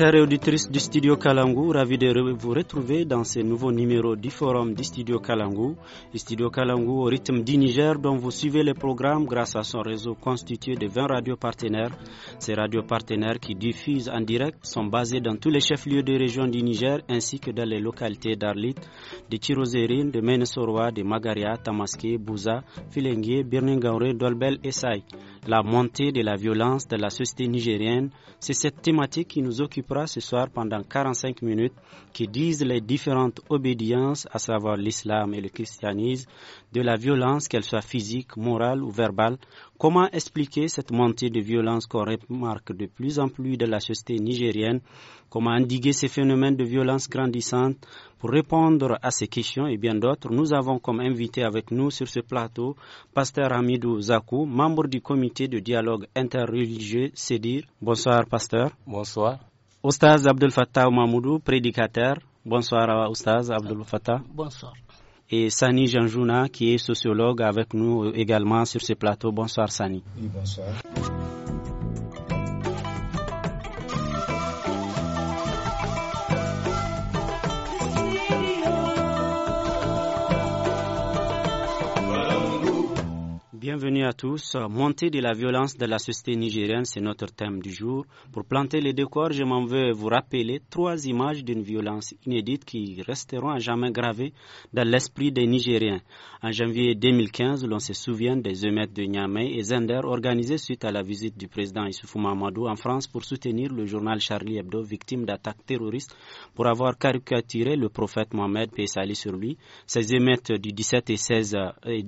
auditeurs et du studio Kalangu, ravi de vous retrouver dans ce nouveau numéro du forum du studio Kalangu. Le studio Kalangu au rythme du Niger dont vous suivez le programme grâce à son réseau constitué de 20 radios partenaires. Ces radios partenaires qui diffusent en direct sont basées dans tous les chefs-lieux de région du Niger ainsi que dans les localités d'Arlit, de Tirozérine, de Menesoroa, de Magaria, Tamaské, Bouza, Filengue, Birningaure, Dolbel et Saï la montée de la violence de la société nigérienne. C'est cette thématique qui nous occupera ce soir pendant 45 minutes, qui disent les différentes obédiences, à savoir l'islam et le christianisme, de la violence, qu'elle soit physique, morale ou verbale, Comment expliquer cette montée de violence qu'on remarque de plus en plus de la société nigérienne Comment endiguer ces phénomènes de violence grandissante Pour répondre à ces questions et bien d'autres, nous avons comme invité avec nous sur ce plateau Pasteur Hamidou Zakou, membre du comité de dialogue interreligieux CEDIR. Bonsoir, Pasteur. Bonsoir. Oustaz Abdel Fattah prédicateur. Bonsoir, Oustaz Abdel Fattah. Bonsoir et Sani Janjouna qui est sociologue avec nous également sur ce plateau. Bonsoir Sani. Oui, bonsoir. Bienvenue à tous. Montée de la violence de la société nigérienne, c'est notre thème du jour. Pour planter les décors, je m'en veux vous rappeler trois images d'une violence inédite qui resteront à jamais gravées dans l'esprit des Nigériens. En janvier 2015, l'on se souvient des émeutes de Niamey et Zender organisées suite à la visite du président Issoufou Mamadou en France pour soutenir le journal Charlie Hebdo, victime d'attaques terroristes, pour avoir caricaturé le prophète Mohamed P. sur lui. Ces émeutes du 17 et 16, 16 euh, et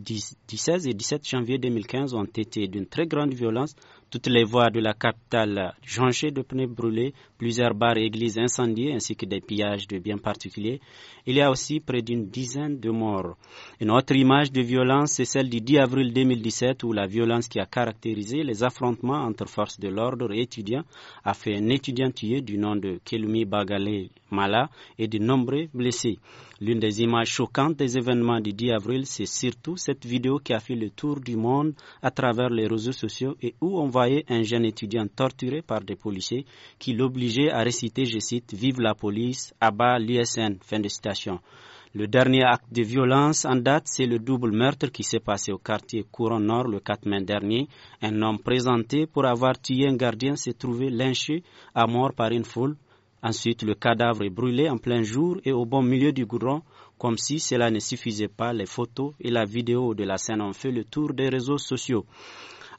17 janvier 2015 ont été d'une très grande violence. Toutes les voies de la capitale jonchées de pneus brûlés, plusieurs bars et églises incendiées ainsi que des pillages de biens particuliers. Il y a aussi près d'une dizaine de morts. Une autre image de violence, c'est celle du 10 avril 2017 où la violence qui a caractérisé les affrontements entre forces de l'ordre et étudiants a fait un étudiant tué du nom de Kelumi Bagale Mala et de nombreux blessés. L'une des images choquantes des événements du 10 avril, c'est surtout cette vidéo qui a fait le tour du monde à travers les réseaux sociaux et où on voyait un jeune étudiant torturé par des policiers qui l'obligeaient à réciter, je cite, Vive la police, abat l'USN. Fin de citation. Le dernier acte de violence en date, c'est le double meurtre qui s'est passé au quartier couron Nord le 4 mai dernier. Un homme présenté pour avoir tué un gardien s'est trouvé lynché à mort par une foule. Ensuite, le cadavre est brûlé en plein jour et au bon milieu du goudron, comme si cela ne suffisait pas, les photos et la vidéo de la scène ont fait le tour des réseaux sociaux.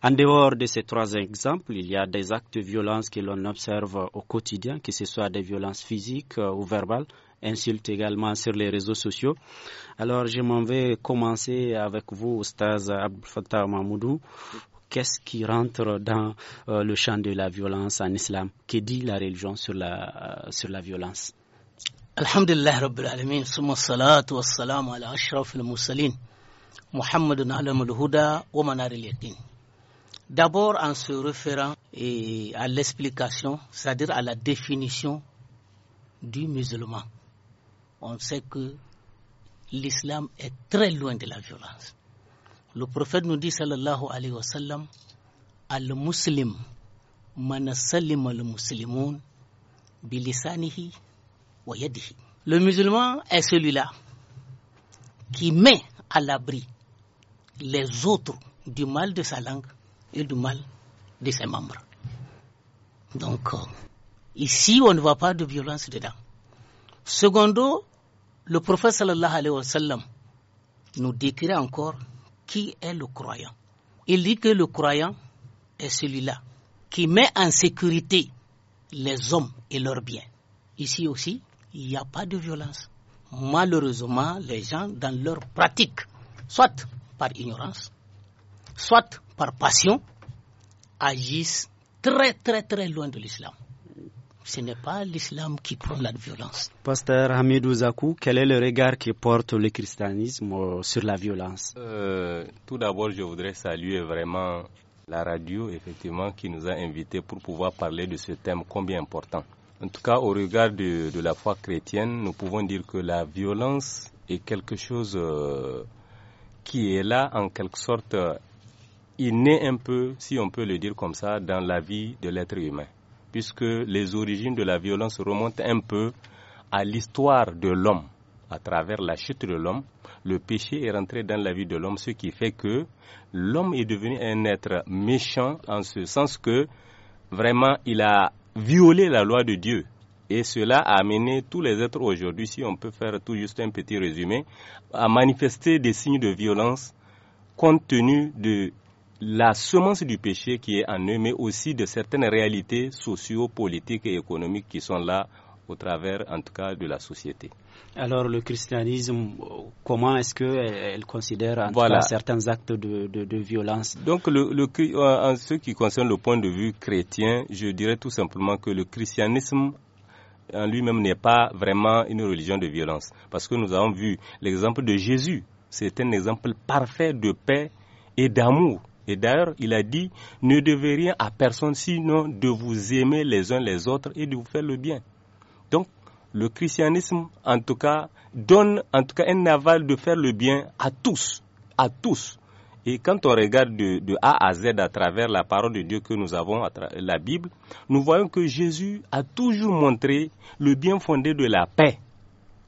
En dehors de ces trois exemples, il y a des actes de violence que l'on observe au quotidien, que ce soit des violences physiques euh, ou verbales, insultes également sur les réseaux sociaux. Alors, je m'en vais commencer avec vous, Staz Abdel Fattah Mahmoudou qu'est-ce qui rentre dans euh, le champ de la violence en islam Que dit la religion sur la, euh, violence Alhamdulillah Rabbil Alamin, summa salatu ashraf al Muhammadun alam D'abord en se référant à l'explication, c'est-à-dire à la définition du musulman. On sait que l'islam est très loin de la violence. Le prophète nous dit, sallallahu alayhi wa sallam, al salim wa Le musulman est celui-là qui met à l'abri les autres du mal de sa langue et du mal de ses membres. Donc, euh, ici, on ne voit pas de violence dedans. Secondo, le prophète sallallahu alayhi wa sallam nous décrit encore qui est le croyant. Il dit que le croyant est celui-là qui met en sécurité les hommes et leurs biens. Ici aussi, il n'y a pas de violence. Malheureusement, les gens, dans leur pratique, soit par ignorance, soit par passion, agissent très très très loin de l'islam. Ce n'est pas l'islam qui prend la violence. Pasteur Hamidou Zakou, quel est le regard que porte le christianisme euh, sur la violence euh, Tout d'abord, je voudrais saluer vraiment la radio, effectivement, qui nous a invités pour pouvoir parler de ce thème combien important. En tout cas, au regard de, la foi chrétienne, nous pouvons dire que la violence est quelque chose euh, qui est là, en quelque sorte, il un peu, si on peut le dire comme ça, dans la vie de l'être humain puisque les origines de la violence remontent un peu à l'histoire de l'homme. À travers la chute de l'homme, le péché est rentré dans la vie de l'homme, ce qui fait que l'homme est devenu un être méchant en ce sens que vraiment il a violé la loi de Dieu. Et cela a amené tous les êtres aujourd'hui, si on peut faire tout juste un petit résumé, à manifester des signes de violence compte tenu de la semence du péché qui est en eux, mais aussi de certaines réalités socio-politiques et économiques qui sont là au travers, en tout cas, de la société. Alors, le christianisme, comment est-ce qu'elle euh, considère certains actes de, violence Donc, en ce qui concerne le point de vue chrétien, je dirais tout simplement que le christianisme en lui-même n'est pas vraiment une religion de violence. Parce que nous avons vu l'exemple de Jésus. C'est un exemple parfait de paix et d'amour et d'ailleurs, il a dit, ne devez rien à personne sinon de vous aimer les uns les autres et de vous faire le bien. Donc, le christianisme, en tout cas, donne en tout cas un aval de faire le bien à tous, à tous. Et quand on regarde de, A à Z à travers la parole de Dieu que nous avons, à la Bible, nous voyons que Jésus a toujours montré le bien fondé de la paix.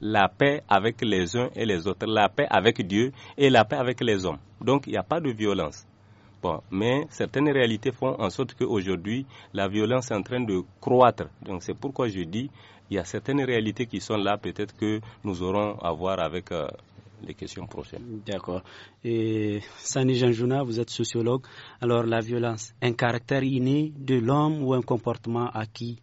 La paix avec les uns et les autres, la paix avec Dieu et la paix avec les hommes. Donc il n'y a pas de violence mais certaines réalités font en sorte qu'aujourd'hui, la violence est en train de croître. Donc c'est pourquoi je dis, il y a certaines réalités qui sont là, peut-être que nous aurons à voir avec euh, les questions prochaines. D'accord. Et Sani Janjouna, vous êtes sociologue. Alors la violence, un caractère inné de l'homme ou un comportement acquis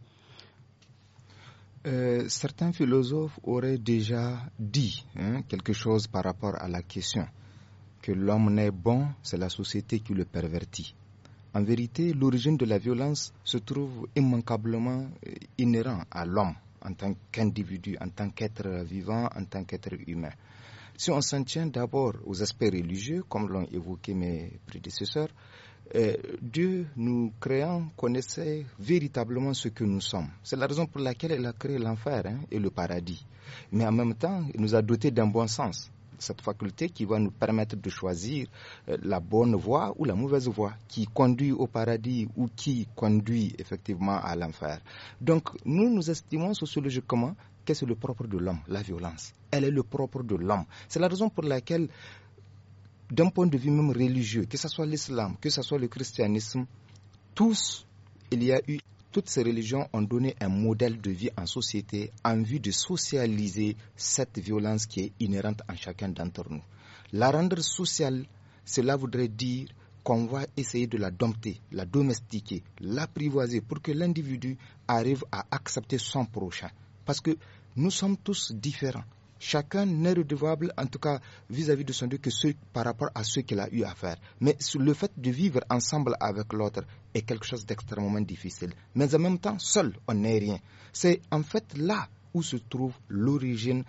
euh, certains philosophes auraient déjà dit hein, quelque chose par rapport à la question que l'homme n'est bon, c'est la société qui le pervertit. En vérité, l'origine de la violence se trouve immanquablement euh, inhérent à l'homme en tant qu'individu, en tant qu'être vivant, en tant qu'être humain. Si on s'en tient d'abord aux aspects religieux, comme l'ont évoqué mes prédécesseurs, euh, Dieu, nous créant, connaissait véritablement ce que nous sommes. C'est la raison pour laquelle il a créé l'enfer hein, et le paradis. Mais en même temps, il nous a dotés d'un bon sens cette faculté qui va nous permettre de choisir euh, la bonne voie ou la mauvaise voie qui conduit au paradis ou qui conduit effectivement à l'enfer. Donc nous, nous estimons sociologiquement que le propre de l'homme, la violence. Elle est le propre de l'homme. C'est la raison pour laquelle, d'un point de vue même religieux, que ce soit l'islam, que ce soit le christianisme, tous, il y a eu toutes ces religions ont donné un modèle de vie en société en vue de socialiser cette violence qui est inhérente en chacun d'entre nous. La rendre sociale, cela voudrait dire qu'on va essayer de la dompter, la domestiquer, l'apprivoiser pour que l'individu arrive à accepter son prochain. Parce que nous sommes tous différents. Chacun n'est redevable, en tout cas vis-à-vis de son Dieu, que par rapport à ce qu'il a eu à faire. Mais le fait de vivre ensemble avec l'autre est quelque chose d'extrêmement difficile. Mais en même temps, seul, on n'est rien. C'est en fait là où se trouve l'origine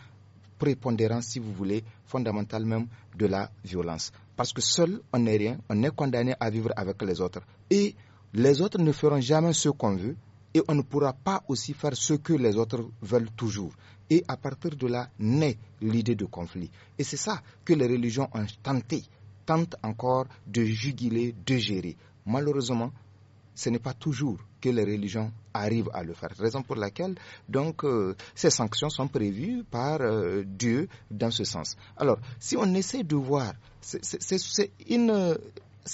prépondérante, si vous voulez, fondamentale même de la violence. Parce que seul, on n'est rien, on est condamné à vivre avec les autres. Et les autres ne feront jamais ce qu'on veut, et on ne pourra pas aussi faire ce que les autres veulent toujours. Et à partir de là naît l'idée de conflit. Et c'est ça que les religions ont tenté, tentent encore de juguler, de gérer. Malheureusement, ce n'est pas toujours que les religions arrivent à le faire. Raison pour laquelle, donc, euh, ces sanctions sont prévues par euh, Dieu dans ce sens. Alors, si on essaie de voir, c'est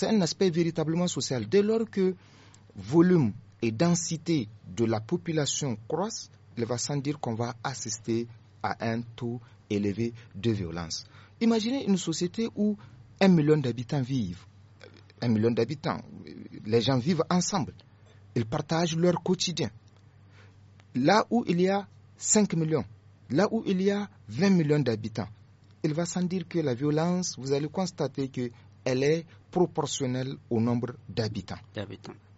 un aspect véritablement social. Dès lors que volume et densité de la population croissent, il va sans dire qu'on va assister à un taux élevé de violence. Imaginez une société où un million d'habitants vivent, un million d'habitants, les gens vivent ensemble, ils partagent leur quotidien. Là où il y a 5 millions, là où il y a 20 millions d'habitants, il va sans dire que la violence, vous allez constater que elle est proportionnelle au nombre d'habitants.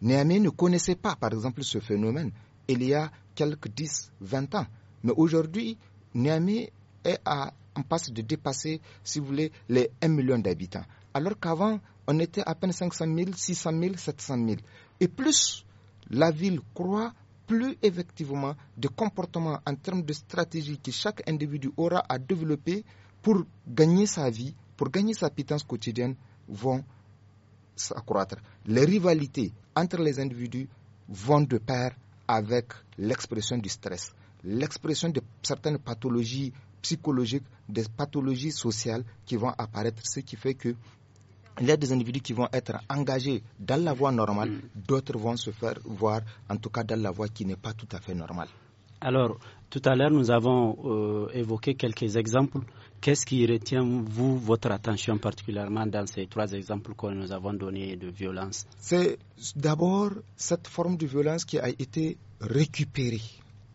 Niamey ne connaissait pas, par exemple, ce phénomène il y a quelques 10, 20 ans. Mais aujourd'hui, Niamey est en passe de dépasser, si vous voulez, les 1 million d'habitants. Alors qu'avant, on était à peine 500 000, 600 000, 700 000. Et plus la ville croit plus effectivement de comportements en termes de stratégie que chaque individu aura à développer pour gagner sa vie, pour gagner sa pitance quotidienne, vont s'accroître. Les rivalités entre les individus vont de pair avec l'expression du stress, l'expression de certaines pathologies psychologiques, des pathologies sociales qui vont apparaître, ce qui fait que il y a des individus qui vont être engagés dans la voie normale, mm. d'autres vont se faire voir, en tout cas dans la voie qui n'est pas tout à fait normale. Alors, tout à l'heure, nous avons euh, évoqué quelques exemples. Qu'est-ce qui retient, vous, votre attention particulièrement dans ces trois exemples que nous avons donnés de violence C'est d'abord cette forme de violence qui a été récupérée,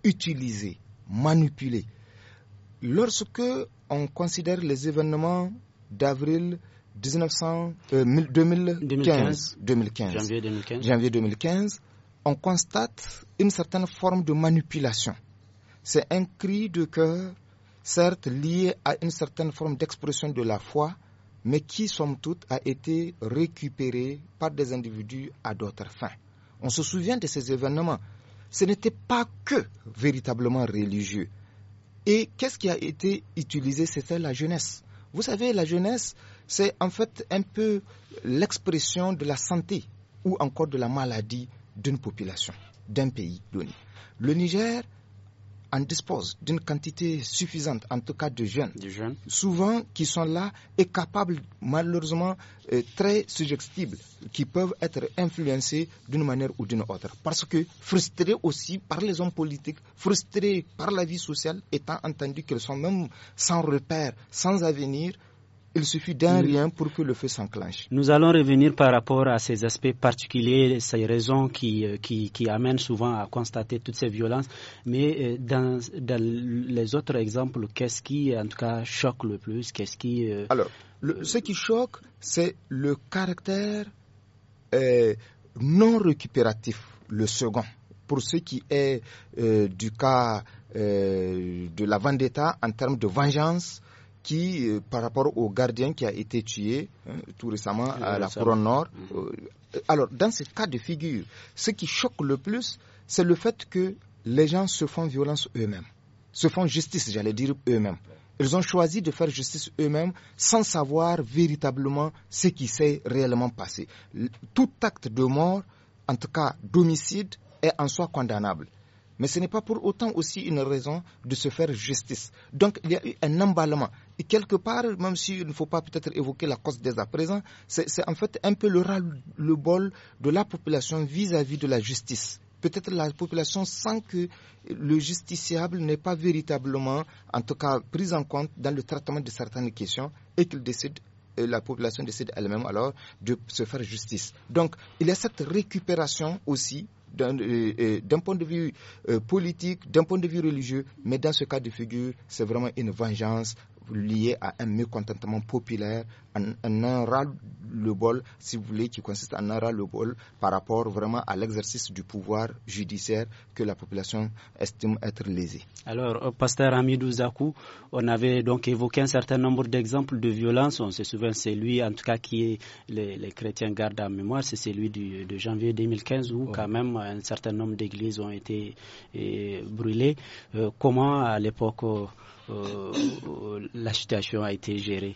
utilisée, manipulée. Lorsque on considère les événements d'avril 2015, 2015, euh, janvier 2015 on constate une certaine forme de manipulation. C'est un cri de cœur, certes lié à une certaine forme d'expression de la foi, mais qui, somme toute, a été récupéré par des individus à d'autres fins. On se souvient de ces événements. Ce n'était pas que véritablement religieux. Et qu'est-ce qui a été utilisé C'était la jeunesse. Vous savez, la jeunesse, c'est en fait un peu l'expression de la santé ou encore de la maladie d'une population, d'un pays donné. Le Niger en dispose d'une quantité suffisante, en tout cas de jeunes, souvent qui sont là et capables, malheureusement, euh, très suggestibles, qui peuvent être influencés d'une manière ou d'une autre. Parce que frustrés aussi par les hommes politiques, frustrés par la vie sociale, étant entendu qu'ils sont même sans repère, sans avenir, il suffit d'un rien pour que le feu s'enclenche. Nous allons revenir par rapport à ces aspects particuliers, ces raisons qui, euh, qui, amènent souvent à constater toutes ces violences. Mais euh, dans, dans les autres exemples, qu'est-ce qui, en tout cas, choque le plus Qu'est-ce qui euh, Alors, ce qui choque, c'est le caractère non récupératif, le second. Pour ce qui est du cas de la vendetta en termes de vengeance, qui, euh, par rapport au gardien qui a été tué hein, tout récemment à la couronne nord. Mhm. Euh, alors, dans ce cas de figure, ce qui choque le plus, c'est le fait que les gens se font violence eux-mêmes, se font justice, j'allais dire eux-mêmes. Ils ont choisi de faire justice eux-mêmes sans savoir véritablement ce qui s'est réellement passé. Tout acte de mort, en tout cas d'homicide, est en soi condamnable. Mais ce n'est pas pour autant aussi une raison de se faire justice. Donc il y a eu un emballement. Et quelque part, même s'il il ne faut pas peut-être évoquer la cause dès à présent, c'est en fait un peu le ras-le-bol de la population vis-à-vis de la justice. Peut-être la population sent que le justiciable n'est pas véritablement, en tout cas, pris en compte dans le traitement de certaines questions et qu'il décide la population décide elle-même alors de se faire justice. Donc, il y a cette récupération aussi d'un euh, euh, point de vue euh, politique, d'un point de vue religieux, mais dans ce cas de figure, c'est vraiment une vengeance lié à un mécontentement populaire, un, un le bol si vous voulez, qui consiste en un ras-le-bol par rapport vraiment à l'exercice du pouvoir judiciaire que la population estime être lésée. Alors, euh, pasteur Hamidou Zakou, on avait donc évoqué un certain nombre d'exemples de violence. On se souvient, c'est lui, en tout cas, qui est, les, chrétiens gardent en mémoire, c'est celui de janvier 2015 où, oh. quand même, un certain nombre d'églises ont été euh, brûlées. Euh, comment, à l'époque, euh, la situation a été gérée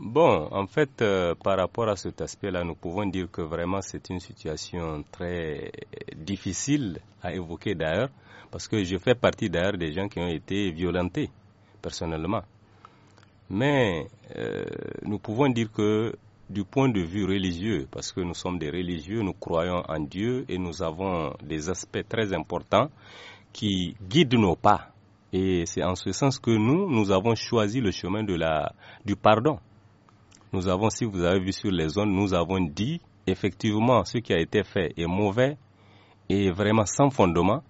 Bon, en fait, euh, par rapport à cet aspect-là, nous pouvons dire que vraiment c'est une situation très difficile à évoquer d'ailleurs, parce que je fais partie d'ailleurs des gens qui ont été violentés personnellement. Mais euh, nous pouvons dire que du point de vue religieux, parce que nous sommes des religieux, nous croyons en Dieu et nous avons des aspects très importants qui guident nos pas et c'est en ce sens que nous, nous avons choisi le chemin du pardon. Nous avons, si vous avez vu sur les zones, nous avons dit effectivement ce qui a été fait est mauvais et vraiment sans fondement,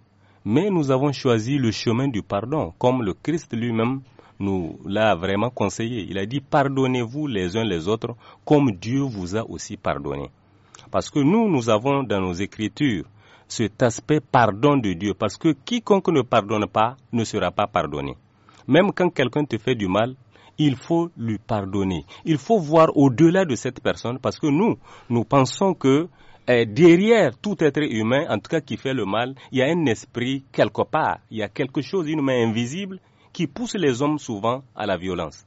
mais nous avons choisi le chemin du pardon, comme le Christ lui-même nous l'a vraiment conseillé. Il a dit pardonnez-vous les uns les autres comme Dieu vous a aussi pardonné. Parce que nous, nous avons dans nos écritures cet aspect pardon de Dieu, parce que quiconque ne pardonne pas ne sera pas pardonné. Même quand quelqu'un te fait du mal, il faut lui pardonner. Il faut voir au-delà de cette personne, parce que nous, nous pensons que eh, derrière tout être humain, en tout cas qui fait le mal, il y a un esprit quelque part, il y a quelque chose, une main invisible, qui pousse les hommes souvent à la violence.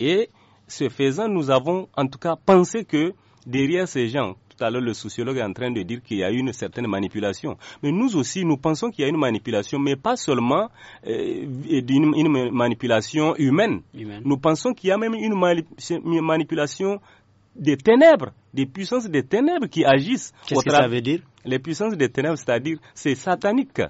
Et ce faisant, nous avons en tout cas pensé que derrière ces gens tout le sociologue est en train de dire qu'il y a eu une certaine manipulation. Mais nous aussi, nous pensons qu'il y a une manipulation, mais pas seulement euh, une, manipulation humaine. Nous pensons qu'il y a même une, manipulation des ténèbres, des puissances des ténèbres qui agissent. Qu'est-ce que ça veut dire Les puissances des ténèbres, c'est-à-dire, c'est satanique.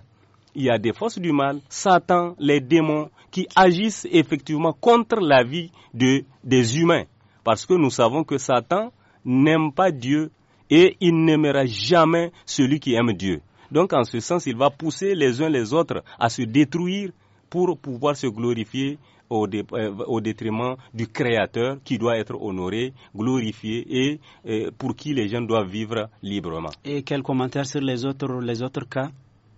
Il y a des forces du mal, Satan, les démons, qui agissent effectivement contre la vie des humains. Parce que nous savons que Satan n'aime pas Dieu, et il n'aimera jamais celui qui aime Dieu. Donc en ce sens, il va pousser les uns les autres à se détruire pour pouvoir se glorifier au, euh, détriment du Créateur qui doit être honoré, glorifié et, euh, pour qui les gens doivent vivre librement. Et quel commentaire sur les autres, les autres cas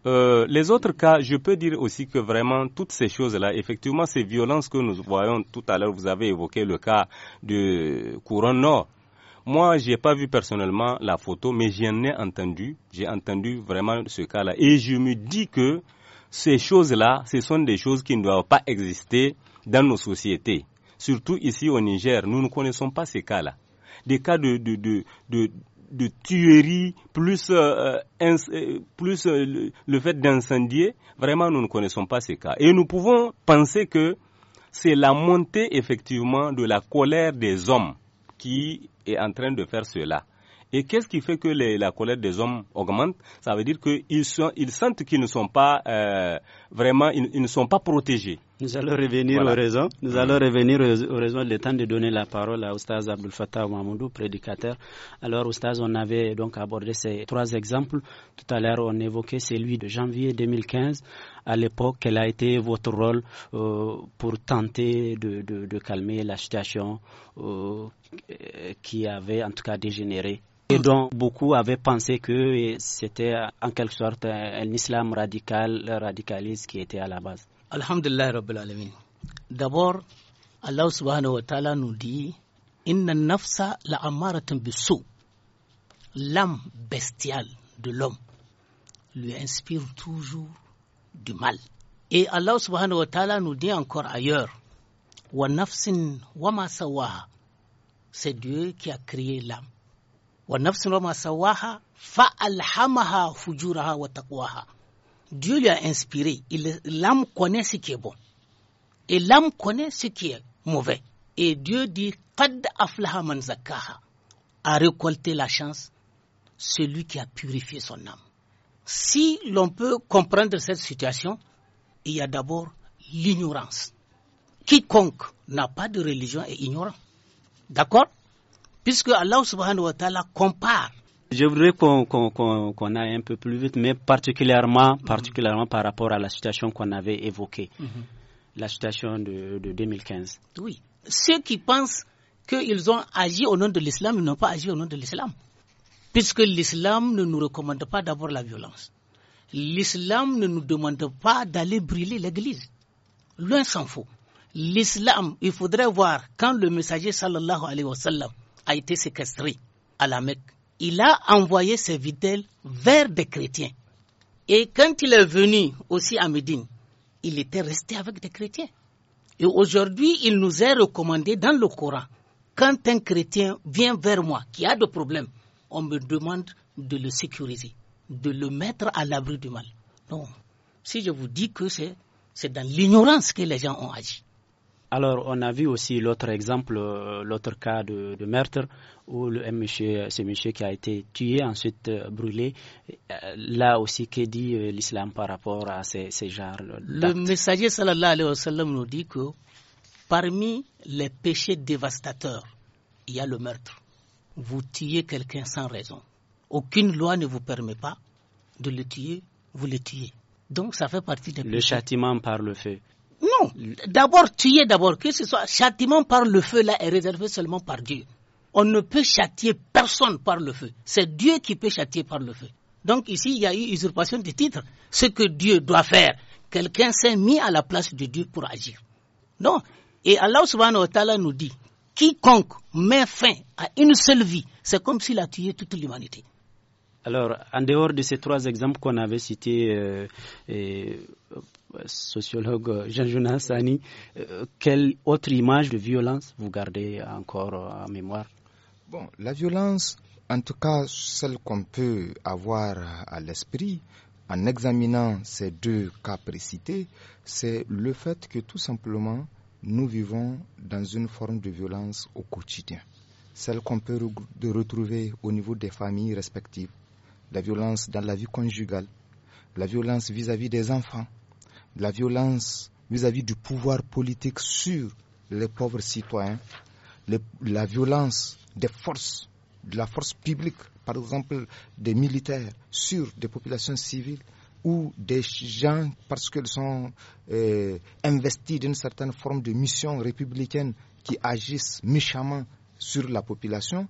euh, les autres cas, je peux dire aussi que vraiment toutes ces choses-là, effectivement, ces violences que nous voyons tout à l'heure, vous avez évoqué le cas de Couronne Nord, moi, je n'ai pas vu personnellement la photo, mais j'en ai entendu. J'ai entendu vraiment ce cas-là. Et je me dis que ces choses-là, ce sont des choses qui ne doivent pas exister dans nos sociétés. Surtout ici au Niger, nous ne connaissons pas ces cas-là. Des cas de, de, tuerie, plus, euh, euh, euh, le fait d'incendier, vraiment nous ne connaissons pas ces cas. Et nous pouvons penser que c'est la montée effectivement de la colère des hommes qui est en train de faire cela. Et qu'est-ce qui fait que la colère des hommes augmente Ça veut dire qu'ils sentent qu'ils ne sont pas euh, vraiment, ils, ne sont pas protégés. Nous allons revenir au aux raisons. Nous mm-hmm. allons revenir aux, raisons. Le temps de donner la parole à Oustaz Abdul Fattah prédicateur. Alors, Oustaz, on avait donc abordé ces trois exemples. Tout à l'heure, on évoquait celui de janvier 2015. À l'époque, quel a été votre rôle euh, pour tenter de, calmer la situation euh, qui avait en tout cas dégénéré et dont beaucoup avaient pensé que c'était en quelque sorte un islam radical, radicaliste qui était à la base. Alhamdulillah Rabbil Alamin. D'abord, Allah subhanahu wa ta'ala nous dit Inna nafsa la amaratun L'âme bestiale de l'homme lui inspire toujours du mal. Et Allah subhanahu wa ta'ala nous dit encore ailleurs Wa nafsin wa ma sawaha. C'est Dieu qui a créé l'âme. Wa nafsin wa ma sawaha fa alhamaha fujuraha wa taqwaha. Dieu lui a inspiré. L'âme connaît ce qui est bon. Et l'âme connaît ce qui est mauvais. Et Dieu dit, Kad aflaha zakaha, a récolté la chance celui qui a purifié son âme. Si l'on peut comprendre cette situation, il y a d'abord l'ignorance. Quiconque n'a pas de religion est ignorant. D'accord Puisque Allah subhanahu wa ta'ala compare je voudrais qu'on aille un peu plus vite, mais particulièrement, particulièrement par rapport à la situation qu'on avait évoquée, mhm. la situation de, 2015. Oui. Ceux qui pensent qu'ils ont agi au nom de l'islam, ils n'ont pas agi au nom de l'islam. Puisque l'islam ne nous recommande pas d'avoir la violence. L'islam ne nous demande pas d'aller brûler l'église. Loin s'en faut. L'islam, il faudrait voir quand le messager sallallahu alayhi wa sallam a été séquestré à la Mecque il a envoyé ses vitelles vers des chrétiens. Et quand il est venu aussi à Médine, il était resté avec des chrétiens. Et aujourd'hui, il nous est recommandé dans le Coran, quand un chrétien vient vers moi qui a des problèmes, on me demande de le sécuriser, de le mettre à l'abri du mal. Non. Si je vous dis que c'est dans l'ignorance que les gens ont agi. Alors, on a vu aussi l'autre exemple, euh, l'autre cas de, meurtre où ce monsieur qui a été tué, ensuite euh, brûlé. Euh, là aussi, que dit l'islam par rapport à ces, ces genres Le messager sallallahu alayhi wa sallam nous dit que parmi les péchés dévastateurs, il y a le meurtre. Vous tuez quelqu'un sans raison. Aucune loi ne vous permet pas de le tuer, vous le tuez. Donc ça fait partie des Le châtiment par le feu. D'abord, tuer d'abord, que ce soit châtiment par le feu là est réservé seulement par Dieu. On ne peut châtier personne par le feu. C'est Dieu qui peut châtier par le feu. Donc ici, il y a eu usurpation de titre. Ce que Dieu doit faire, quelqu'un s'est mis à la place de Dieu pour agir. Non. Et Allah nous dit, quiconque met fin à une seule vie, c'est comme s'il a tué toute l'humanité. Alors, en dehors de ces trois exemples qu'on avait cités, euh, euh, sociologue Jean-Jonas Sani, euh, quelle autre image de violence vous gardez encore en mémoire Bon, la violence, en tout cas celle qu'on peut avoir à l'esprit, en examinant ces deux cas précités, c'est le fait que tout simplement, nous vivons dans une forme de violence au quotidien, celle qu'on peut retrouver au niveau des familles respectives la violence dans la vie conjugale, la violence vis-à-vis des enfants, la violence vis-à-vis du pouvoir politique sur les pauvres citoyens, la violence des forces, de la force publique, par exemple des militaires, sur des populations civiles ou des gens parce qu'ils sont euh, investis d'une certaine forme de mission républicaine qui agissent méchamment sur la population,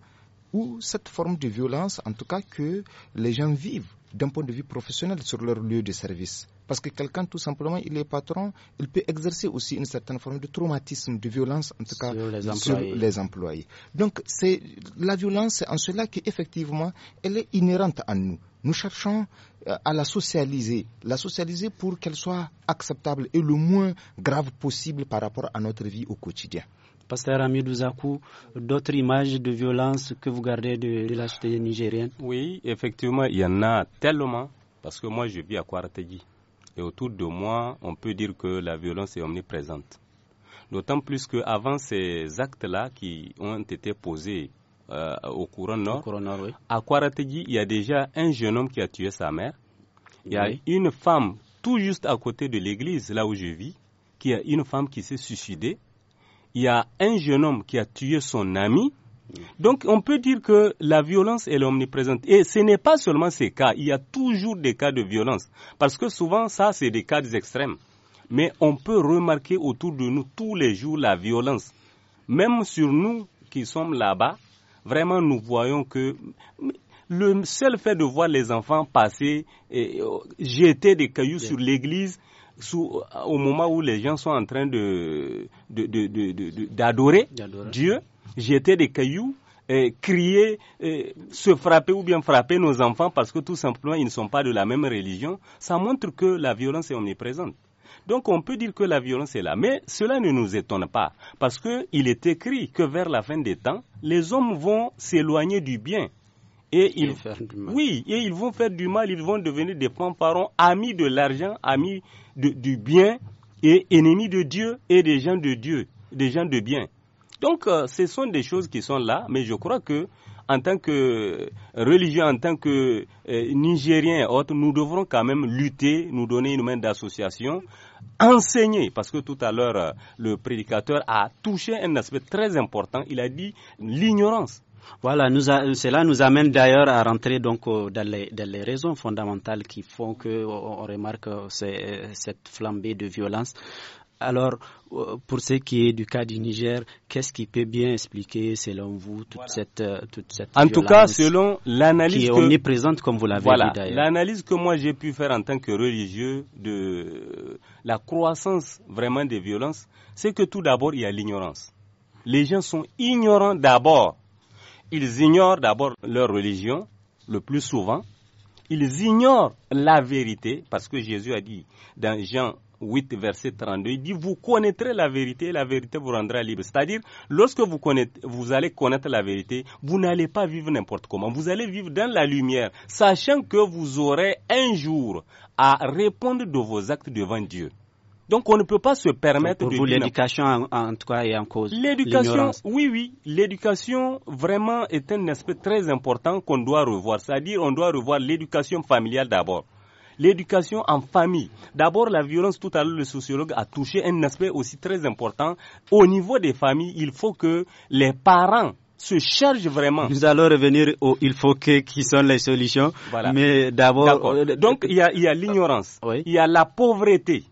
ou cette forme de violence, en tout cas, que les gens vivent d'un point de vue professionnel sur leur lieu de service. Parce que quelqu'un, tout simplement, il est patron, il peut exercer aussi une certaine forme de traumatisme, de violence, en tout cas, sur les employés. Donc, c'est la violence, en cela qu'effectivement, elle est inhérente à nous. Nous cherchons euh, à la socialiser, la socialiser pour qu'elle soit acceptable et le moins grave possible par rapport à notre vie au quotidien. Pasteur Amidou Douzakou, d'autres images de violence que vous gardez de, de, la nigérienne Oui, effectivement, il y en a tellement, parce que moi je vis à Kwarategi. Et autour de moi, on peut dire que la violence est omniprésente. D'autant plus qu'avant ces actes-là qui ont été posés euh, au courant nord, à Kouarateji, il y a déjà un jeune homme qui a tué sa mère. Il y a une femme tout juste à côté de l'église, là où je vis, qui a une femme qui s'est suicidée il y a un jeune homme qui a tué son ami. Donc on peut dire que la violence est omniprésente et ce n'est pas seulement ces cas, il y a toujours des cas de violence parce que souvent ça c'est des cas extrêmes. Mais on peut remarquer autour de nous tous les jours la violence. Même sur nous qui sommes là-bas, vraiment nous voyons que le seul fait de voir les enfants passer, et euh, jeter des cailloux sur l'église, au moment où les gens sont en train de, d'adorer Dieu, jeter des cailloux, crier, se frapper ou bien frapper nos enfants parce que tout simplement ils ne sont pas de la même religion, ça montre que la violence est omniprésente. Donc on peut dire que la violence est là, mais cela ne nous étonne pas parce qu'il est écrit que vers la fin des temps, les hommes vont s'éloigner du bien et ils, Oui, et ils vont faire du mal, ils vont devenir des parents amis de l'argent, amis du bien et ennemis de Dieu et des gens de Dieu, des gens de bien. Donc, euh, ce sont des choses qui sont là, mais je crois que en tant que religieux, en tant que euh, Nigériens et autres, nous devrons quand même lutter, nous donner une main d'association, enseigner, parce que tout à l'heure, euh, le prédicateur a touché un aspect très important, il a dit l'ignorance. Voilà, cela nous amène d'ailleurs à rentrer donc euh, dans les, raisons fondamentales qui font que euh, on remarque euh, cette flambée de violence. Alors, pour ce qui est du cas du Niger, qu'est-ce qui peut bien expliquer, selon vous, toute cette, toute cette En tout cas, selon l'analyse qui est omniprésente, comme vous l'avez dit d'ailleurs. L'analyse que moi j'ai pu faire en tant que religieux de la croissance vraiment des violences, c'est que tout d'abord il y a l'ignorance. Les gens sont ignorants d'abord ils ignorent d'abord leur religion, le plus souvent. Ils ignorent la vérité, parce que Jésus a dit dans Jean 8, verset 32, il dit, vous connaîtrez la vérité et la vérité vous rendra libre. C'est-à-dire, lorsque vous, connaîtrez, vous allez connaître la vérité, vous n'allez pas vivre n'importe comment. Vous allez vivre dans la lumière, sachant que vous aurez un jour à répondre de vos actes devant Dieu. Donc on ne peut pas se permettre pour de. Pour l'éducation en, tout cas est en cause. L'éducation, oui, oui. L'éducation vraiment est un aspect très important qu'on doit revoir. C'est-à-dire on doit revoir l'éducation familiale d'abord. L'éducation en famille. D'abord, la violence, tout à l'heure, le sociologue a touché un aspect aussi très important. Au niveau des familles, il faut que les parents se chargent vraiment. Nous allons revenir au il faut que qui sont les solutions. Voilà. Mais d'abord. Euh, Donc il y a, l'ignorance. Il y a euh, l'ignorance. Euh, oui. Il y a la pauvreté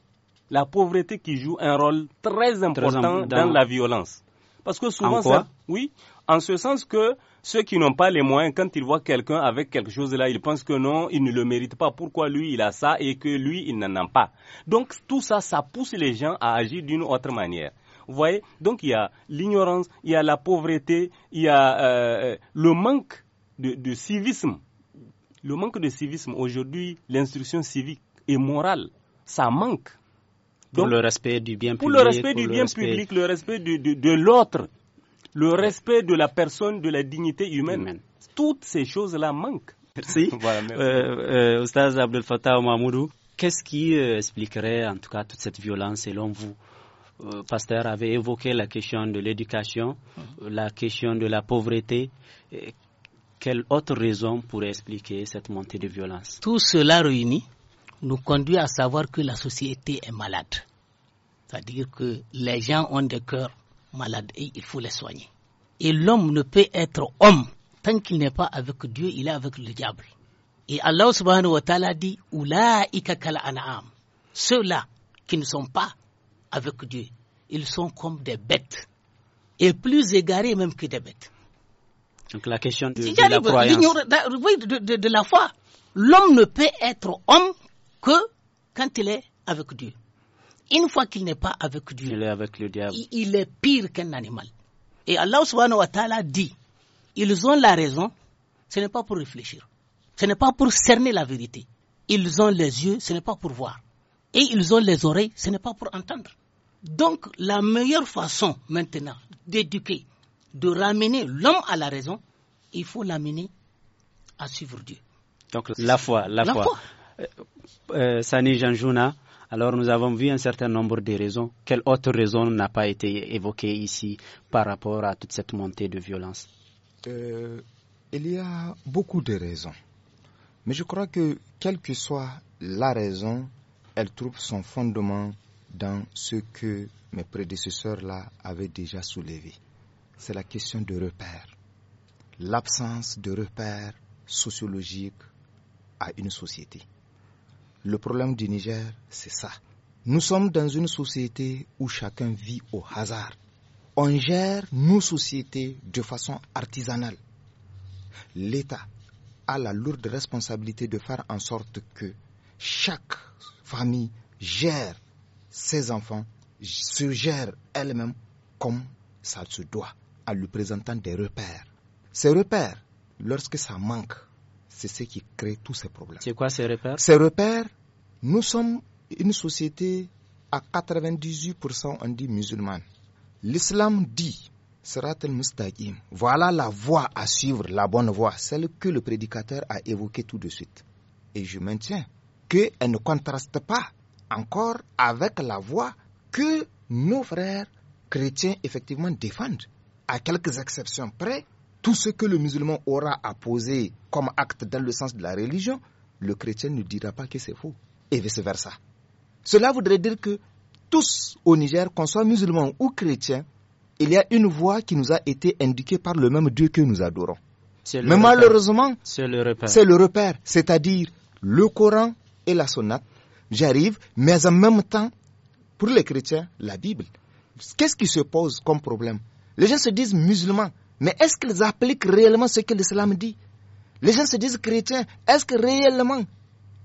la pauvreté qui joue un rôle très important dans... la violence. Parce que souvent, en oui, en ce sens que ceux qui n'ont pas les moyens, quand ils voient quelqu'un avec quelque chose là, ils pensent que non, il ne le mérite pas. Pourquoi lui, il a ça et que lui, il n'en a pas Donc tout ça, ça pousse les gens à agir d'une autre manière. Vous voyez Donc il y a l'ignorance, il y a la pauvreté, il y a euh, le manque de civisme. Le manque de civisme aujourd'hui, l'instruction civique et morale, ça manque pour le respect du bien public. le respect du bien public, le respect de, de, l'autre, le respect de la personne, de la dignité humaine. Toutes ces choses-là manquent. Merci. Euh, euh, Oustaz Abdel Fattah qu'est-ce qui euh, expliquerait en tout cas toute cette violence selon vous Pasteur avait évoqué la question de l'éducation, mhm. la question de la pauvreté. quelle autre raison pourrait expliquer cette montée de violence Tout cela réunit nous conduit à savoir que la société est malade. C'est-à-dire que les gens ont des cœurs malades et il faut les soigner. Et l'homme ne peut être homme tant qu'il n'est pas avec Dieu, il est avec le diable. Et Allah subhanahu wa ta'ala dit Ceux-là qui ne sont pas avec Dieu, ils sont comme des bêtes. Et plus égarés même que des bêtes. Donc la question de, la de la foi. L'homme ne peut être homme que quand il est avec Dieu. Une fois qu'il n'est pas avec Dieu, il est, avec le diable. Il, est pire qu'un animal. Et Allah subhanahu wa ta'ala dit, ils ont la raison, ce n'est pas pour réfléchir, ce n'est pas pour cerner la vérité. Ils ont les yeux, ce n'est pas pour voir. Et ils ont les oreilles, ce n'est pas pour entendre. Donc la meilleure façon maintenant d'éduquer, de ramener l'homme à la raison, il faut l'amener à suivre Dieu. Donc la foi, la, foi. Euh, euh, Sani Janjouna, alors nous avons vu un certain nombre de raisons. Quelle autre raison n'a pas été évoquée ici par rapport à toute cette montée de violence euh, Il y a beaucoup de raisons. Mais je crois que quelle que soit la raison, elle trouve son fondement dans ce que mes prédécesseurs-là avaient déjà soulevé. C'est la question de repères. L'absence de repères sociologiques à une société. Le problème du Niger, c'est ça. Nous sommes dans une société où chacun vit au hasard. On gère nos sociétés de façon artisanale. L'État a la lourde responsabilité de faire en sorte que chaque famille gère ses enfants, se gère elle-même comme ça se doit, en lui présentant des repères. Ces repères, lorsque ça manque, c'est ce qui crée tous ces problèmes. C'est quoi ces repères Ces repères, nous sommes une société à 98% on dit musulmane. L'islam dit voilà la voie à suivre, la bonne voie, celle que le prédicateur a évoquée tout de suite. Et je maintiens qu'elle ne contraste pas encore avec la voie que nos frères chrétiens effectivement défendent, à quelques exceptions près, tout ce que le musulman aura à poser comme acte dans le sens de la religion, le chrétien ne dira pas que c'est faux, et vice-versa. Cela voudrait dire que tous au Niger, qu'on soit musulman ou chrétien, il y a une voie qui nous a été indiquée par le même Dieu que nous adorons. Mais malheureusement, c'est le repère. C'est-à-dire le, le Coran et la Sonate. J'arrive, mais en même temps, pour les chrétiens, la Bible. Qu'est-ce qui se pose comme problème Les gens se disent musulmans, mais est-ce qu'ils appliquent réellement ce que l'islam dit Les gens se disent chrétiens. Est-ce que réellement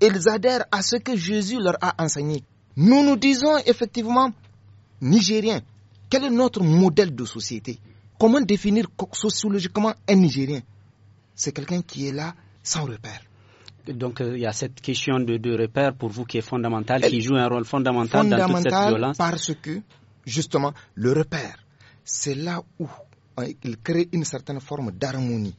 ils adhèrent à ce que Jésus leur a enseigné Nous nous disons effectivement Nigériens. Quel est notre modèle de société Comment définir sociologiquement un Nigérien C'est quelqu'un qui est là sans repère. Donc euh, il y a cette question de, repère pour vous qui est fondamentale, qui joue un rôle fondamental, dans toute cette violence. Parce que justement le repère, c'est là où euh, il crée une certaine forme d'harmonie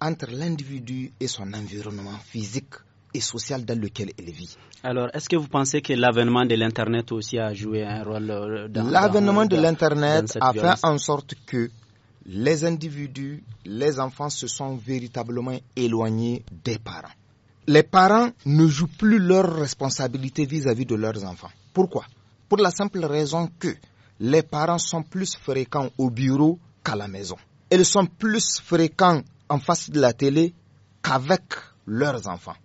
entre l'individu et son environnement physique et social dans lequel il vit. Alors, est-ce que vous pensez que l'avènement de l'Internet aussi a joué un rôle euh, dans L'avènement de l'Internet a fait en sorte que les individus, les enfants se sont véritablement éloignés des parents. Les parents ne jouent plus leurs responsabilités vis-à-vis de leurs enfants. Pourquoi Pour la simple raison que les parents sont plus fréquents au bureau à la maison. Ils sont plus fréquents en face de la télé qu'avec leurs enfants.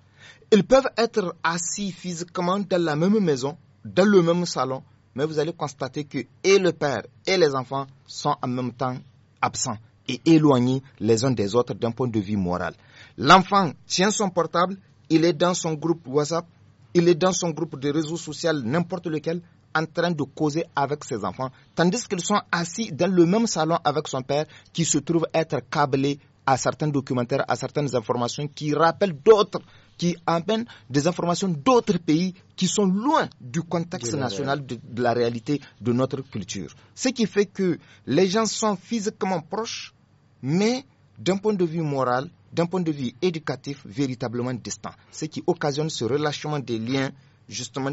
Ils peuvent être assis physiquement dans la même maison, dans le même salon, mais vous allez constater que et le père et les enfants sont en même temps absents et éloignés les uns des autres d'un point de vue moral. L'enfant tient son portable, il est dans son groupe WhatsApp, il est dans son groupe de réseaux sociaux, n'importe lequel, en train de causer avec ses enfants, tandis qu'ils sont assis dans le même salon avec son père qui se trouve être câblé à certains documentaires, à certaines informations qui rappellent d'autres, qui amènent des informations d'autres pays qui sont loin du contexte national de, la réalité de notre culture. Ce qui fait que les gens sont physiquement proches, mais d'un point de vue moral, d'un point de vue éducatif, véritablement distants. Ce qui occasionne ce relâchement des liens justement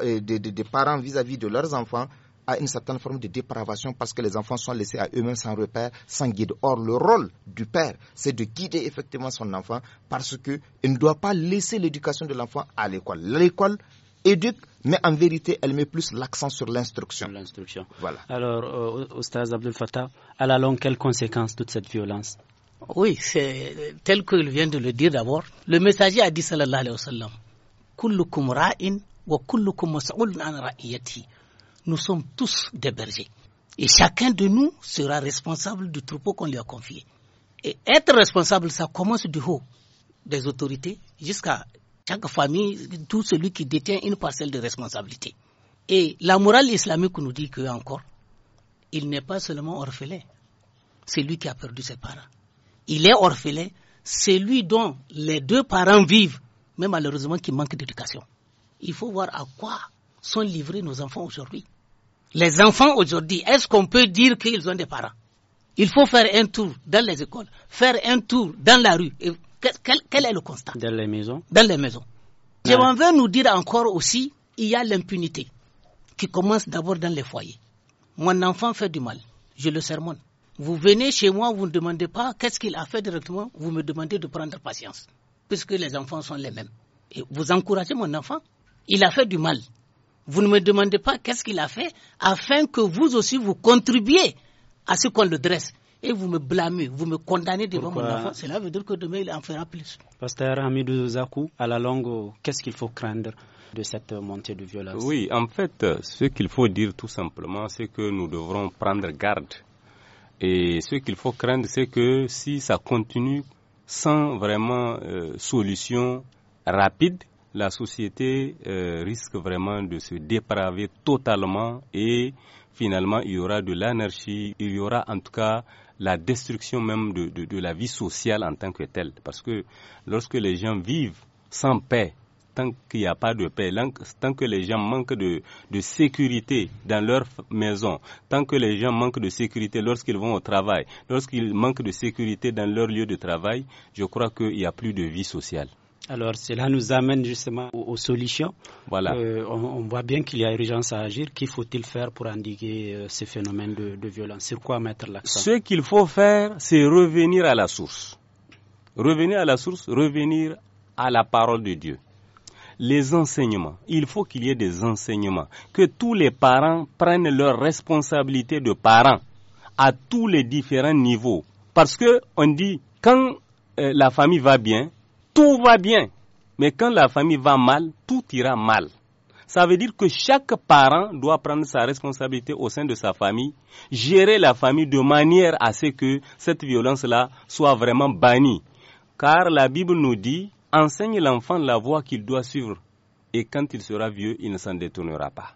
euh, des, parents vis-à-vis de leurs enfants à une certaine forme de dépravation parce que les enfants sont laissés à eux-mêmes sans repère, sans guide. Or, le rôle du père, c'est de guider effectivement son enfant parce qu'il ne doit pas laisser l'éducation de l'enfant à l'école. L'école éduque, mais en vérité, elle met plus l'accent sur l'instruction. L'instruction. Alors, euh, Oustaz Abdel Fattah, à la longue, quelles conséquences toute cette violence Oui, c'est tel qu'il vient de le dire d'abord. Le messager a dit sallallahu alayhi wa sallam nous sommes tous des bergers. Et chacun de nous sera responsable du troupeau qu'on lui a confié. Et être responsable, ça commence du haut des autorités jusqu'à chaque famille, tout celui qui détient une parcelle de responsabilité. Et la morale islamique nous dit que encore, il n'est pas seulement orphelin, celui qui a perdu ses parents. Il est orphelin, celui dont les deux parents vivent mais malheureusement qui manque d'éducation. Il faut voir à quoi sont livrés nos enfants aujourd'hui. Les enfants aujourd'hui, est-ce qu'on peut dire qu'ils ont des parents Il faut faire un tour dans les écoles, faire un tour dans la rue. Et quel, est le constat Dans les maisons. Dans les maisons. Je m'en nous dire encore aussi, il y a l'impunité qui commence d'abord dans les foyers. Mon enfant fait du mal, je le sermonne. Vous venez chez moi, vous ne demandez pas qu'est-ce qu'il a fait directement, vous me demandez de prendre patience puisque les enfants sont les mêmes. Et vous encouragez mon enfant, il a fait du mal. Vous ne me demandez pas qu'est-ce qu'il a fait afin que vous aussi vous contribuiez à ce qu'on le dresse. Et vous me blâmez, vous me condamnez devant mon enfant. Cela veut dire que demain il en fera plus. Pasteur Hamidou Zakou, à la longue, qu'est-ce qu'il faut craindre de cette montée de violence Oui, en fait, ce qu'il faut dire tout simplement, c'est que nous devrons prendre garde. Et ce qu'il faut craindre, c'est que si ça continue sans vraiment euh, solution rapide, la société euh, risque vraiment de se dépraver totalement et finalement il y aura de l'anarchie, il y aura en tout cas la destruction même de, de la vie sociale en tant que telle. Parce que lorsque les gens vivent sans paix, tant qu'il n'y a pas de paix, tant que les gens manquent de, sécurité dans leur maison, tant que les gens manquent de sécurité lorsqu'ils vont au travail, lorsqu'ils manquent de sécurité dans leur lieu de travail, je crois qu'il n'y a plus de vie sociale. Alors cela nous amène justement aux, solutions. Voilà. Euh, on, voit bien qu'il y a urgence à agir. Qu'il faut-il faire pour endiguer euh, ces phénomènes de, de violence Sur quoi mettre l'accent Ce qu'il faut faire, c'est revenir à la source. Revenir à la source, revenir à la parole de Dieu les enseignements. Il faut qu'il y ait des enseignements, que tous les parents prennent leurs responsabilités de parents à tous les différents niveaux. Parce que on dit quand euh, la famille va bien, tout va bien. Mais quand la famille va mal, tout ira mal. Ça veut dire que chaque parent doit prendre sa responsabilité au sein de sa famille, gérer la famille de manière à ce que cette violence-là soit vraiment bannie. Car la Bible nous dit enseigne l'enfant la voie qu'il doit suivre et quand il sera vieux, il ne s'en détournera pas.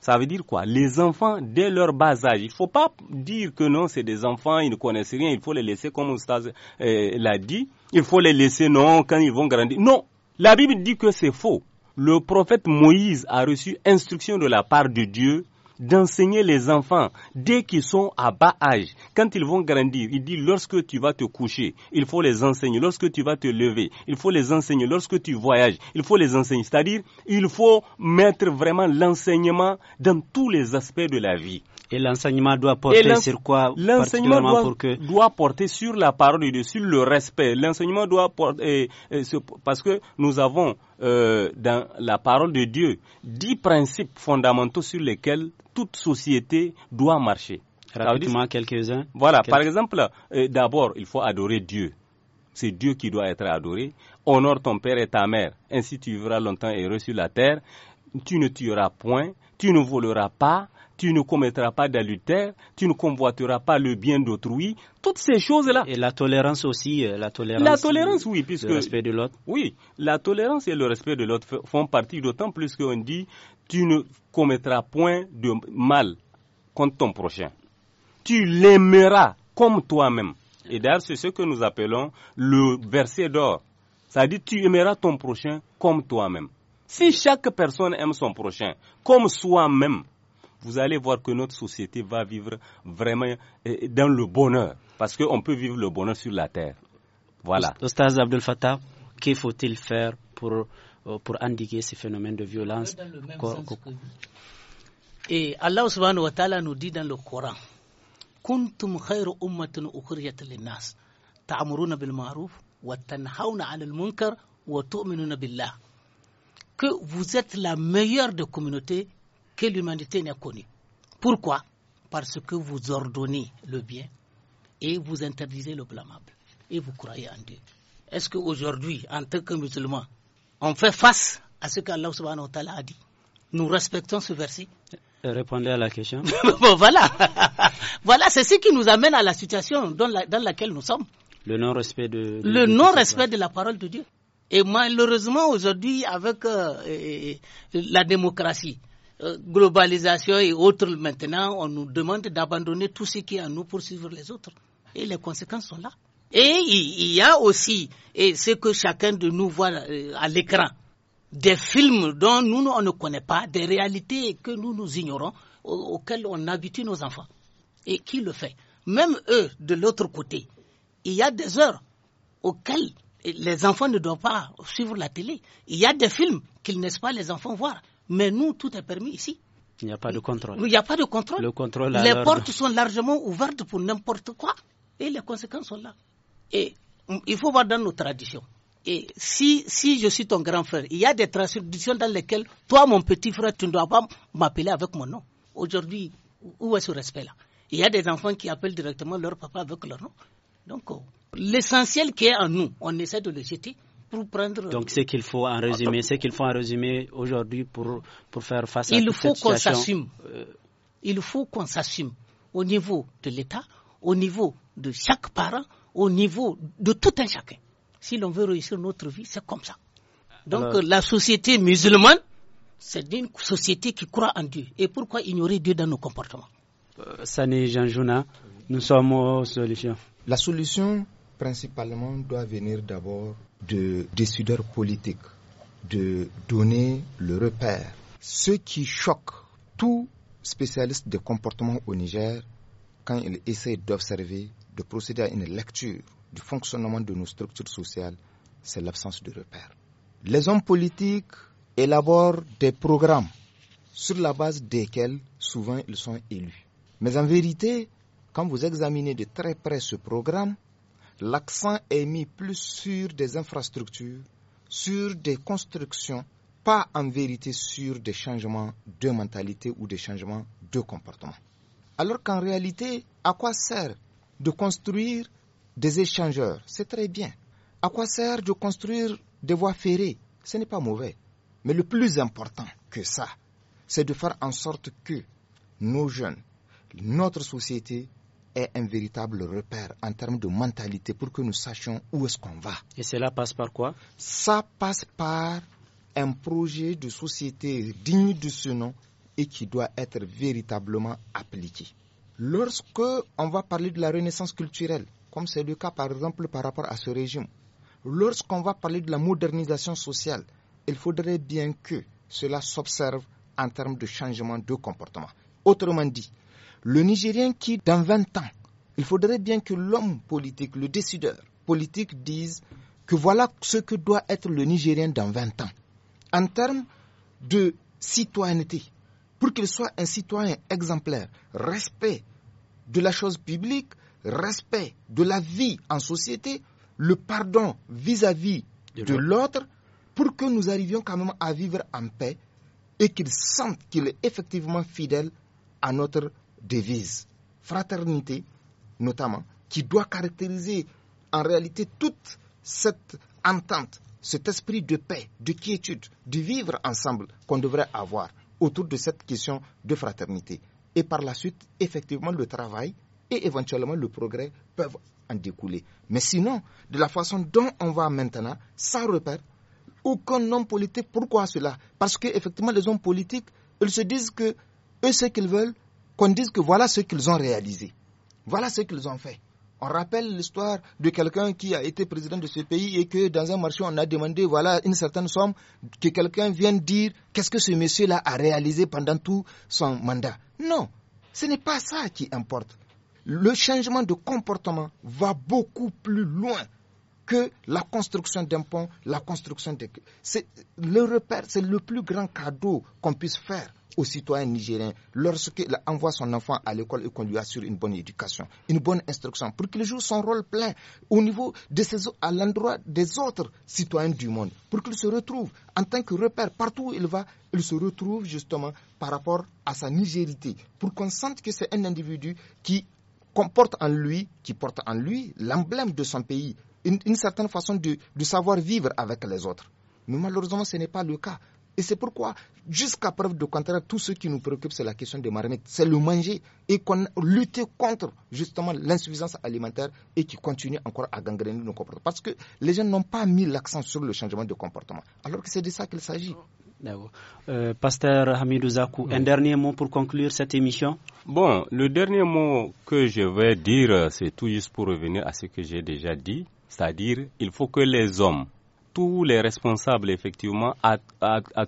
Ça veut dire quoi Les enfants, dès leur bas âge, il ne faut pas dire que non, c'est des enfants, ils ne connaissent rien, il faut les laisser, comme Oustaz euh, l'a dit, il faut les laisser, non, quand ils vont grandir. Non, la Bible dit que c'est faux. Le prophète Moïse a reçu instruction de la part de Dieu d'enseigner les enfants dès qu'ils sont à bas âge. Quand ils vont grandir, il dit lorsque tu vas te coucher, il faut les enseigner. Lorsque tu vas te lever, il faut les enseigner. Lorsque tu voyages, il faut les enseigner. C'est-à-dire, il faut mettre vraiment l'enseignement dans tous les aspects de la vie. Et l'enseignement doit porter sur quoi L'enseignement doit, pour que... doit porter sur la parole Dieu, sur le respect. L'enseignement doit porter... parce que nous avons euh, dans la parole de Dieu dix principes fondamentaux sur lesquels toute société doit marcher. Rapidement quelques-uns. Voilà, par exemple, euh, d'abord, il faut adorer Dieu. C'est Dieu qui doit être adoré. Honore ton père et ta mère. Ainsi tu vivras longtemps heureux sur la terre. Tu ne tueras point. Tu ne voleras pas tu ne commettras pas d'adultère, tu ne convoiteras pas le bien d'autrui, toutes ces choses-là. Et la tolérance aussi, euh, la tolérance. La tolérance, oui, puisque. Le respect de l'autre. Oui, la tolérance et le respect de l'autre font partie d'autant plus qu'on dit tu ne commettras point de mal contre ton prochain. Tu l'aimeras comme toi-même. Et d'ailleurs, c'est ce que nous appelons le verset d'or. Ça dit tu aimeras ton prochain comme toi-même. Si chaque personne aime son prochain comme soi-même, vous allez voir que notre société va vivre vraiment euh, dans le bonheur, parce qu'on peut vivre le bonheur sur la terre. Voilà. Ostaz Abdel Fattah, que faut-il faire pour, euh, pour endiguer ces phénomènes de violence Et Allah subhanahu wa ta'ala nous dit dans le Coran Kuntum khayru ummatin ta'muruna bil ma'ruf wa tanhauna 'anil munkar wa tu'minuna billah que vous êtes la meilleure des communautés que l'humanité n'est connu. Pourquoi Parce que vous ordonnez le bien et vous interdisez le blâmable et vous croyez en Dieu. Est-ce qu'aujourd'hui, en tant que musulmans, on fait face à ce qu'Allah subhanahu wa ta'ala a dit Nous respectons ce verset euh, Répondez à la question. voilà. voilà, c'est ce qui nous amène à la situation dans, laquelle nous sommes. Le non-respect de, Le non-respect de la parole de Dieu. Et malheureusement, aujourd'hui, avec euh, la démocratie, euh, globalisation et autres, maintenant, on nous demande d'abandonner tout ce qui est à nous pour suivre les autres. Et les conséquences sont là. Et il y a aussi, et ce que chacun de nous voit euh, à l'écran, des films dont nous, on ne connaît pas, des réalités que nous, nous ignorons, auxquelles on habitue nos enfants. Et qui le fait Même eux, de l'autre côté, il y a des heures auxquelles les enfants ne doivent pas suivre la télé. Il y a des films qu'ils ne pas les enfants voir. Mais nous, tout est permis ici. Il n'y a pas de contrôle. Il n'y a pas de contrôle. Le contrôle les portes sont largement ouvertes pour n'importe quoi. Et les conséquences sont là. Et il faut voir dans nos traditions. Et si, si je suis ton grand frère, il y a des traditions dans lesquelles toi, mon petit frère, tu ne dois pas m'appeler avec mon nom. Aujourd'hui, où est ce respect-là Il y a des enfants qui appellent directement leur papa avec leur nom. Donc, euh, l'essentiel qui est en nous, on essaie de le jeter. Donc, ce qu'il faut en résumé, c'est qu'il faut en résumer aujourd'hui pour, pour faire face à faut cette situation. S'assume. Euh, Il faut qu'on s'assume au niveau de l'État, au niveau de chaque parent, au niveau de tout un chacun. Si l'on veut réussir notre vie, c'est comme ça. Donc, la société musulmane, c'est une société qui croit en Dieu. Et pourquoi ignorer Dieu dans nos comportements euh, nous sommes aux solutions. La solution, principalement, doit venir d'abord de décideurs politiques de donner le repère. Ce qui choque tout spécialiste de comportement au Niger, quand il essaie d'observer, de procéder à une lecture du fonctionnement de nos structures sociales, c'est l'absence de repère. Les hommes politiques élaborent des programmes sur la base desquels souvent ils sont élus. Mais en vérité, quand vous examinez de très près ce programme, l'accent est mis plus sur des infrastructures, sur des constructions, pas en vérité sur des changements de mentalité ou des changements de comportement. Alors qu'en réalité, à quoi sert de construire des échangeurs C'est très bien. À quoi sert de construire des voies ferrées Ce n'est pas mauvais. Mais le plus important que ça, c'est de faire en sorte que nos jeunes, notre société est un véritable repère en termes de mentalité pour que nous sachions où est-ce qu'on va. Et cela passe par quoi Ça passe par un projet de société digne de ce nom et qui doit être véritablement appliqué. Lorsque on va parler de la renaissance culturelle, comme c'est le cas par exemple par rapport à ce régime, lorsqu'on va parler de la modernisation sociale, il faudrait bien que cela s'observe en termes de changement de comportement. Autrement dit, le Nigérien qui, dans 20 ans, il faudrait bien que l'homme politique, le décideur politique dise que voilà ce que doit être le Nigérien dans 20 ans, en termes de citoyenneté, pour qu'il soit un citoyen exemplaire, respect de la chose publique, respect de la vie en société, le pardon vis-à-vis de l'autre, pour que nous arrivions quand même à vivre en paix et qu'il sente qu'il est effectivement fidèle à notre devise fraternité, notamment, qui doit caractériser en réalité toute cette entente, cet esprit de paix, de quiétude, de vivre ensemble qu'on devrait avoir autour de cette question de fraternité. Et par la suite, effectivement, le travail et éventuellement le progrès peuvent en découler. Mais sinon, de la façon dont on va maintenant, ça repère, aucun homme politique, pourquoi cela Parce qu'effectivement, les hommes politiques, ils se disent que eux, ce qu'ils veulent, qu'on dise que voilà ce qu'ils ont réalisé, voilà ce qu'ils ont fait. On rappelle l'histoire de quelqu'un qui a été président de ce pays et que dans un marché, on a demandé voilà une certaine somme, que quelqu'un vienne dire qu'est-ce que ce monsieur-là a réalisé pendant tout son mandat. Non, ce n'est pas ça qui importe. Le changement de comportement va beaucoup plus loin que la construction d'un pont, la construction de... C'est le repère, c'est le plus grand cadeau qu'on puisse faire aux citoyens nigériens, lorsqu'il envoie son enfant à l'école et qu'on lui assure une bonne éducation, une bonne instruction, pour qu'il joue son rôle plein au niveau de ses, à l'endroit des autres citoyens du monde, pour qu'il se retrouve en tant que repère partout où il va, il se retrouve justement par rapport à sa nigérité, pour qu'on sente que c'est un individu qui comporte en lui, qui porte en lui l'emblème de son pays, une, certaine façon de savoir vivre avec les autres. Mais malheureusement, ce n'est pas le cas. Et c'est pourquoi, jusqu'à preuve de contraire, tout ce qui nous préoccupe, c'est la question des marmites, c'est le manger et qu'on lutter contre justement l'insuffisance alimentaire et qui continue encore à gangréner nos comportements. Parce que les gens n'ont pas mis l'accent sur le changement de comportement, alors que c'est de ça qu'il s'agit. Euh, Pasteur Hamidou Zakou, un dernier mot pour conclure cette émission Bon, le dernier mot que je vais dire, c'est tout juste pour revenir à ce que j'ai déjà dit, c'est-à-dire il faut que les hommes tous les responsables, effectivement, à,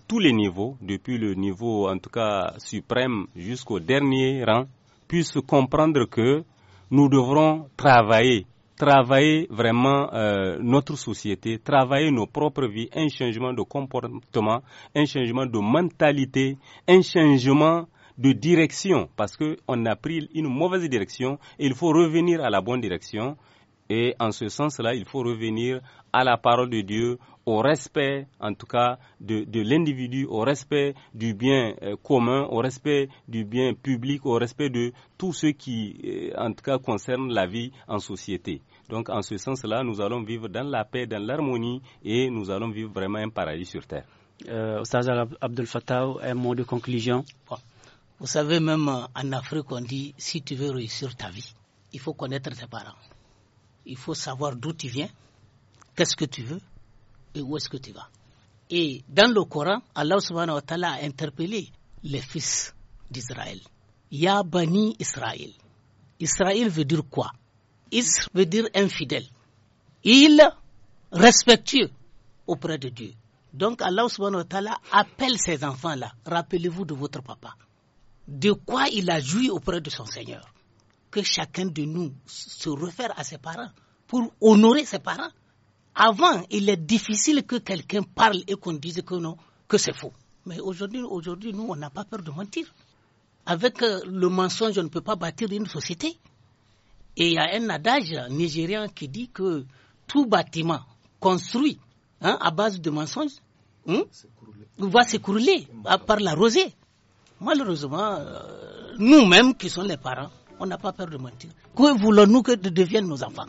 tous les niveaux, depuis le niveau, en tout cas, suprême jusqu'au dernier rang, puissent comprendre que nous devrons travailler, travailler vraiment euh, notre société, travailler nos propres vies, un changement de comportement, un changement de mentalité, un changement de direction, parce qu'on a pris une mauvaise direction et il faut revenir à la bonne direction. Et en ce sens-là, il faut revenir à la parole de Dieu, au respect en tout cas de, de l'individu, au respect du bien euh, commun, au respect du bien public, au respect de tout ce qui euh, en tout cas concerne la vie en société. Donc en ce sens-là, nous allons vivre dans la paix, dans l'harmonie et nous allons vivre vraiment un paradis sur terre. Euh, Abdel Fattah, un mot de conclusion Vous savez, même euh, en Afrique, on dit si tu veux réussir ta vie, il faut connaître tes parents. Il faut savoir d'où tu viens, qu'est-ce que tu veux et où est-ce que tu vas. Et dans le Coran, Allah a interpellé les fils d'Israël. Ya bani Israël. Israël veut dire quoi Il veut dire infidèle. Il respectueux auprès de Dieu. Donc Allah appelle ses enfants-là. Rappelez-vous de votre papa. De quoi il a joui auprès de son Seigneur. Que chacun de nous se réfère à ses parents pour honorer ses parents. Avant, il est difficile que quelqu'un parle et qu'on dise que non, que c'est faux. Mais aujourd'hui, aujourd'hui, nous, on n'a pas peur de mentir. Avec euh, le mensonge, on ne peut pas bâtir une société. Et il y a un adage nigérian qui dit que tout bâtiment construit hein, à base de mensonges hein, va s'écrouler par la rosée. Malheureusement, euh, nous-mêmes qui sommes les parents, on n'a pas peur de mentir. Que voulons-nous que deviennent nos enfants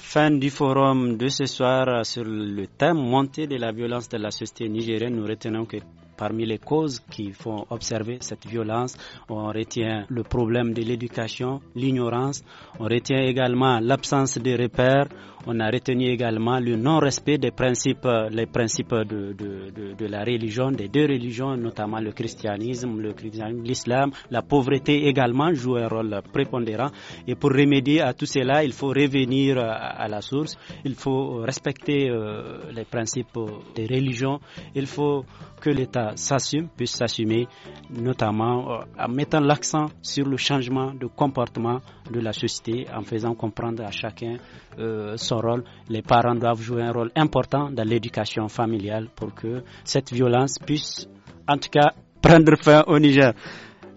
Fin du forum de ce soir sur le thème montée de la violence de la société nigérienne. Nous retenons que parmi les causes qui font observer cette violence, on retient le problème de l'éducation, l'ignorance, on retient également l'absence de repères, on a retenu également le non-respect des principes, les principes de, la religion, des deux religions, notamment le christianisme, le christianisme, l'islam. La pauvreté également joue un rôle prépondérant. Et pour remédier à tout cela, il faut revenir à, la source. Il faut respecter euh, les principes des religions. Il faut que l'État s'assume, puisse s'assumer, notamment euh, en mettant l'accent sur le changement de comportement de la société, en faisant comprendre à chacun euh, son rôle. Les parents doivent jouer un rôle important dans l'éducation familiale pour que cette violence puisse, en tout cas, prendre fin au Niger.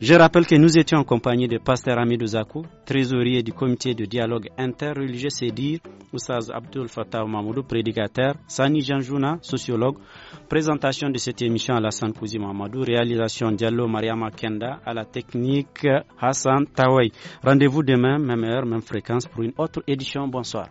Je rappelle que nous étions en compagnie de Pasteur Amidou Zakou, trésorier du comité de dialogue interreligieux CEDIR, Oussaz Abdul Fattah Mamoudou, prédicateur, Sani Janjouna, sociologue. Présentation de cette émission à la Kouzi Mamadou, réalisation Diallo Mariama Kenda, à la technique Hassan Tawai. Rendez-vous demain, même heure, même fréquence, pour une autre édition. Bonsoir.